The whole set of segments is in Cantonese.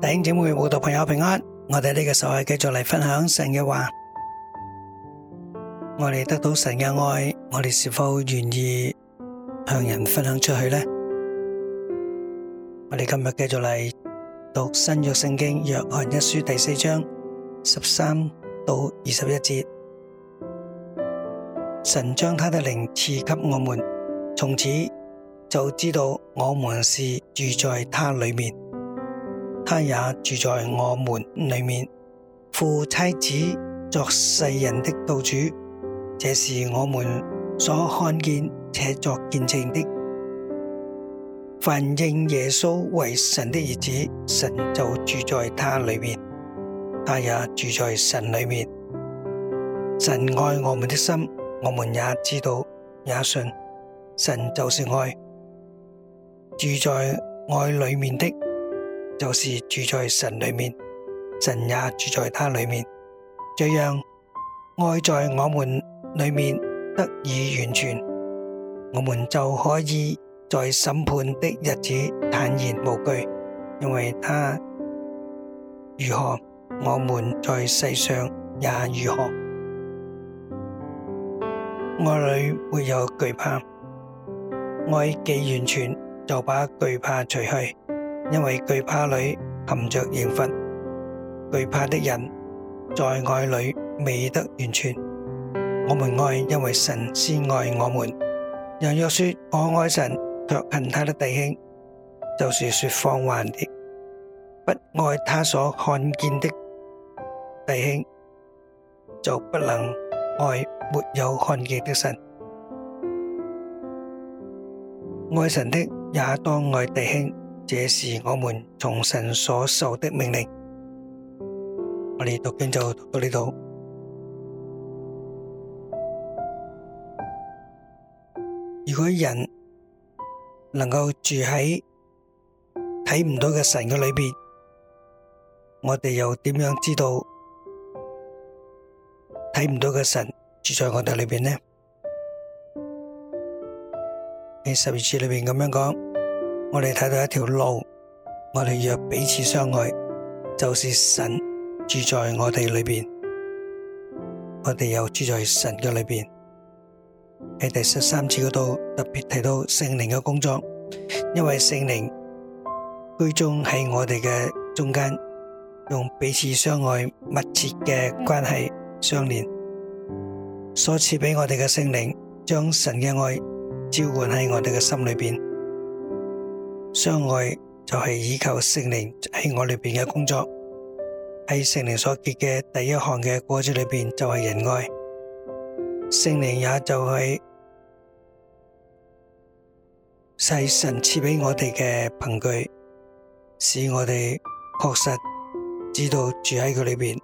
弟兄姊妹、慕道朋友平安，我哋呢個時候繼續嚟分享神嘅話。我哋得到神嘅愛，我哋是否願意向人分享出去呢？我哋今日繼續嚟讀新約聖經約翰一書第四章十三到二十一節。神將他的靈賜給我們，從此就知道我們是住在他裏面。他也住在我們裏面，父妻子作世人的道主，這是我們所看見且作見證的。凡認耶穌為神的兒子，神就住在他裏面；他也住在神裏面。神愛我們的心，我們也知道，也信。神就是愛，住在愛裏面的。就是住在神裏面，神也住在他裏面，這樣愛在我們裏面得以完全，我們就可以在審判的日子坦然無懼，因為他如何我們在世上也如何，愛裏沒有懼怕，愛既完全就把懼怕除去。因為懼怕裏含着刑罰，懼怕的人在愛裏未得完全。我們愛，因為神先愛我們。人若說我愛神，卻恨他的弟兄，就是說謊話的。不愛他所看見的弟兄，就不能愛沒有看見的神。愛神的也當愛弟兄。這是我們從神所受的命令，我哋讀經就讀到呢度。如果人能夠住喺睇唔到嘅神嘅裏邊，我哋又點樣知道睇唔到嘅神住在我哋裏邊呢？喺十二節裏邊咁樣講。我哋睇到一條路，我哋若彼此相愛，就是神住在我哋裏邊，我哋又住在神嘅裏邊。喺第十三次嗰度特別提到聖靈嘅工作，因為聖靈居中喺我哋嘅中間，用彼此相愛密切嘅關係相連，所賜俾我哋嘅聖靈，將神嘅愛澆灌喺我哋嘅心裏邊。相愛就係依靠聖靈喺我裏邊嘅工作，喺聖靈所結嘅第一項嘅果子裏邊就係仁愛，聖靈也就係世神賜俾我哋嘅憑據，使我哋確實知道住喺佢裏邊，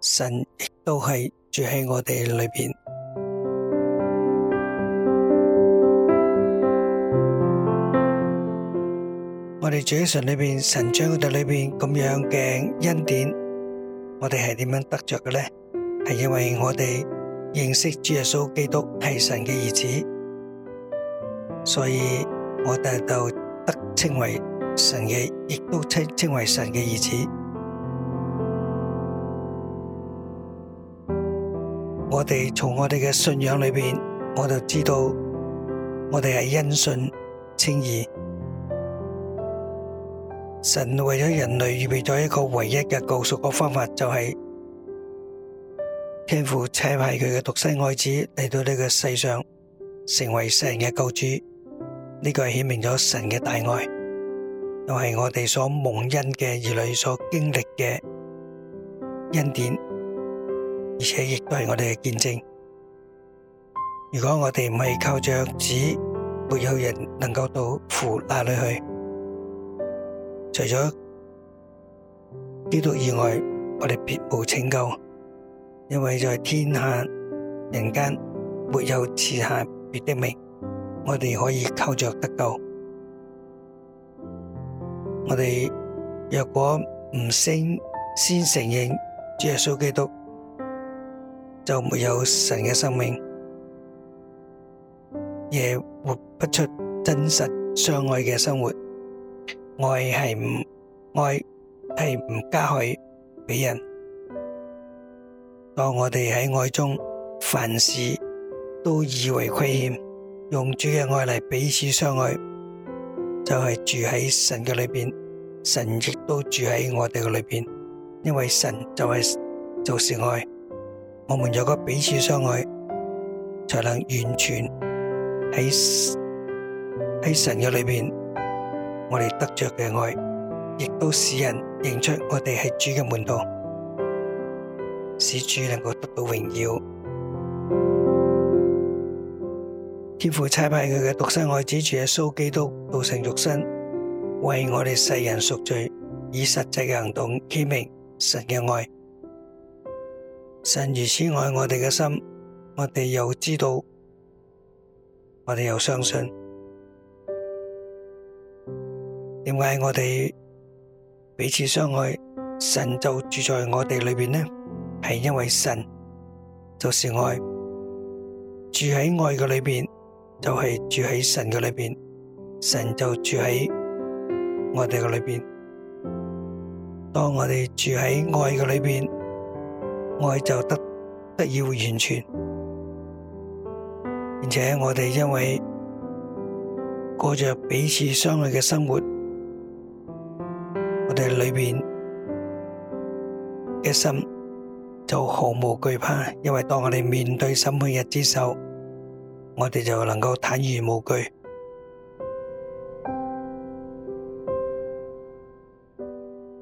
神亦都係住喺我哋裏邊。我哋主神裏邊，神將我哋裏邊咁樣嘅恩典，我哋係點樣得着嘅咧？係因為我哋認識主耶穌基督係神嘅兒子，所以我哋就得稱為神嘅，亦都稱稱為神嘅兒子。我哋從我哋嘅信仰裏邊，我就知道我哋係因信稱義。神為咗人類預備咗一個唯一嘅救贖嘅方法，就係天父差派佢嘅獨生愛子嚟到呢個世上成為世人嘅救主。呢個係顯明咗神嘅大愛，又係我哋所蒙恩嘅，兒女所經歷嘅恩典，而且亦都係我哋嘅見證。如果我哋唔係靠着子，沒有人能夠到父那裏去。除咗基督以外，我哋別無拯救，因為在天下人間沒有賜下別的名，我哋可以靠着得救。我哋若果唔信先承認主耶穌基督，就沒有神嘅生命，也活不出真實相愛嘅生活。愛係唔，愛係唔加害俾人，當我哋喺愛中凡事都以為虧欠，用主嘅愛嚟彼此相愛，就係、是、住喺神嘅裏邊，神亦都住喺我哋嘅裏邊，因為神就係、是、做、就是愛，我們如果彼此相愛，才能完全喺喺神嘅裏邊。我哋得着嘅愛，亦都使人認出我哋係主嘅門徒，使主能夠得到榮耀。天父差派佢嘅獨生愛子主耶穌基督道成肉身，為我哋世人贖罪，以實際嘅行動表明神嘅愛。神如此愛我哋嘅心，我哋又知道，我哋又相信。點解我哋彼此相愛，神就住在我哋裏邊呢？係因為神就是愛，住喺愛嘅裏邊，就係住喺神嘅裏邊，神就住喺我哋嘅裏邊。當我哋住喺愛嘅裏邊，愛就得得以完全。而且我哋因為過着彼此相愛嘅生活。我哋裏邊嘅心就毫無懼怕，因為當我哋面對審判日之時，我哋就能夠坦然無懼。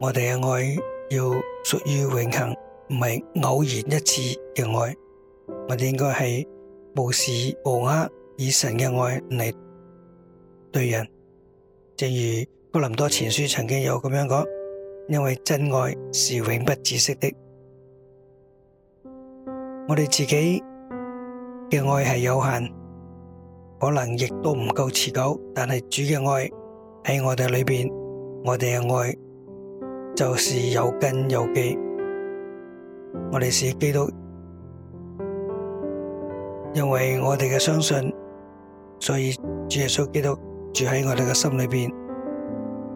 我哋嘅愛要屬於永恆，唔係偶然一次嘅愛。我哋應該係無時無刻以神嘅愛嚟對人，正如哥林多前書曾經有咁樣講，因為真愛是永不止息的。我哋自己嘅愛係有限，可能亦都唔夠持久，但係主嘅愛喺我哋裏邊，我哋嘅愛就是有根有基。我哋是基督，因為我哋嘅相信，所以主耶穌基督住喺我哋嘅心裏邊。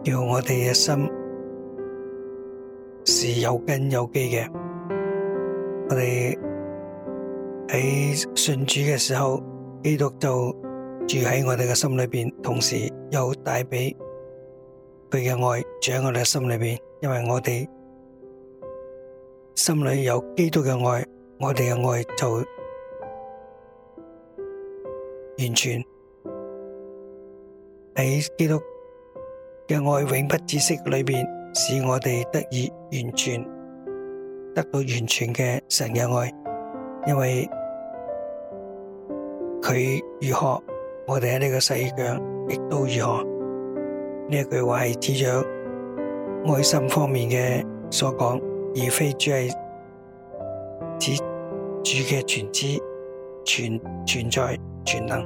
要我哋嘅心是有根有基嘅，我哋喺信主嘅時候，基督就住喺我哋嘅心裏邊，同時又帶俾佢嘅愛住喺我哋嘅心裏邊，因為我哋心裏有基督嘅愛，我哋嘅愛就完全喺基督。嘅愛永不止息，裏面，使我哋得以完全得到完全嘅神嘅愛，因為佢如何，我哋喺呢個世界上亦都如何。呢句話係指着愛心方面嘅所講，而非主係指主嘅全知、全存在、全在全能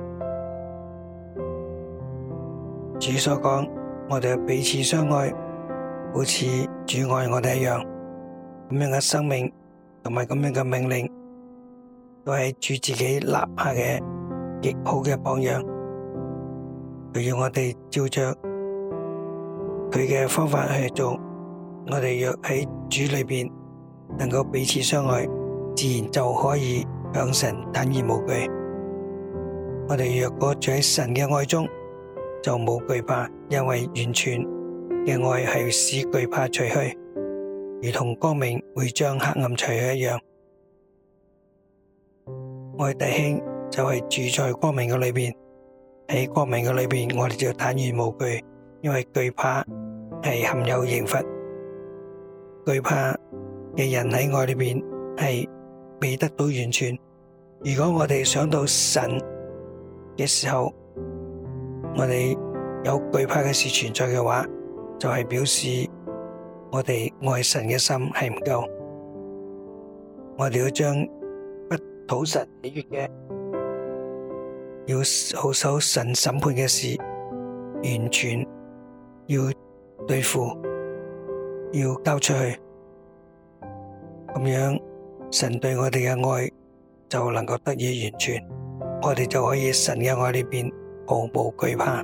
主所講。我哋彼此相愛，好似主愛我哋一樣。咁樣嘅生命同埋咁樣嘅命令，都係主自己立下嘅極好嘅榜樣。佢要我哋照着佢嘅方法去做，我哋若喺主裏邊能夠彼此相愛，自然就可以向神坦然無懼。我哋若果住喺神嘅愛中，就冇懼怕，因為完全嘅愛係使懼怕除去，如同光明會將黑暗除去一樣。愛弟兄就係住在光明嘅裏邊，喺光明嘅裏邊，我哋就坦然無懼，因為懼怕係含有刑罰，懼怕嘅人喺愛裏邊係未得到完全。如果我哋想到神嘅時候，我哋有懼怕嘅事存在嘅話，就係表示我哋愛神嘅心係唔夠。我哋要將不討神喜悅嘅，要好守神審判嘅事，完全要對付，要交出去。咁樣神對我哋嘅愛就能夠得以完全，我哋就可以神嘅愛裏邊。毫無懼怕。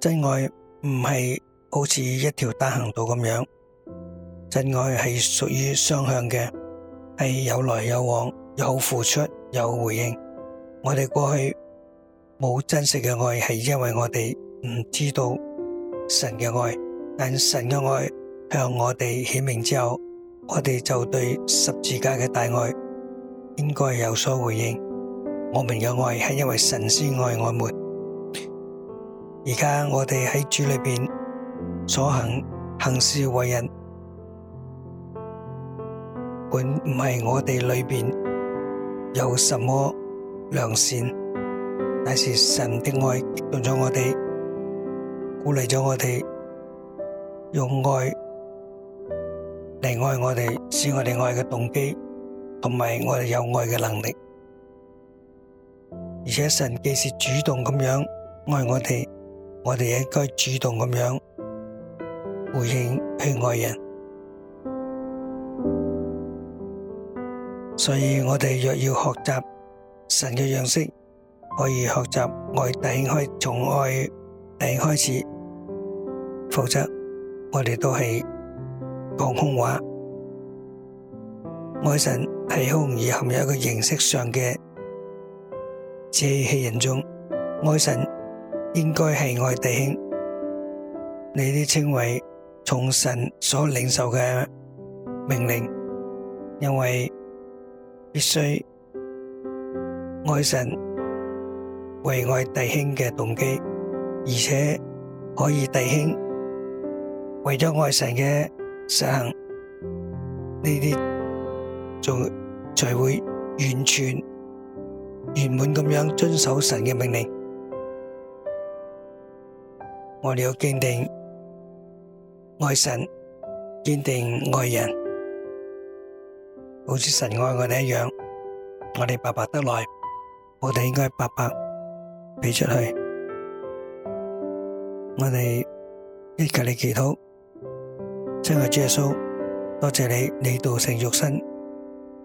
真愛唔係好似一條單行道咁樣，真愛係屬於雙向嘅，係有來有往，有付出有回應。我哋過去冇真實嘅愛，係因為我哋。唔知道神嘅愛，但神嘅愛向我哋顯明之後，我哋就對十字架嘅大愛應該有所回應。我們嘅愛係因為神先愛我，現在我們，而家我哋喺主裏邊所行行事為人，本唔係我哋裏邊有什麼良善，但是神的愛激動咗我哋。鼓勵咗我哋用愛嚟愛我哋，使我哋愛嘅動機，同埋我哋有愛嘅能力。而且神既是主動咁樣愛我哋，我哋也應該主動咁樣回應去愛人。所以我哋若要學習神嘅樣式，可以學習愛頂開，從愛頂開始。否則我哋都係講空話。愛神係好容易陷入一個形式上嘅自欺欺人中。愛神應該係愛弟兄，你啲稱為從神所領受嘅命令，因為必須愛神為愛弟兄嘅動機，而且可以弟兄。為了愛神的實行，這些就才會完全，圓滿，這樣遵守神的命令。我們要堅定愛神，堅定愛人。好像神愛我們一樣，真係主耶穌，多謝你，你道成肉身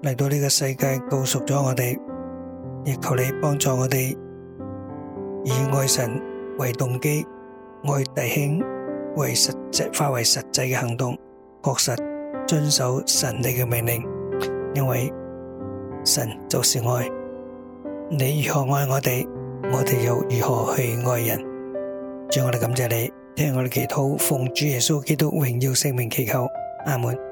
嚟到呢個世界，告訴咗我哋，亦求你幫助我哋以愛神為動機，愛弟兄為實際，化為實際嘅行動，確實遵守神你嘅命令。因為神就是愛，你如何愛我哋，我哋又如何去愛人？主，我哋感謝你。聽我哋祈禱，奉主耶穌基督榮耀聖名祈求，阿門。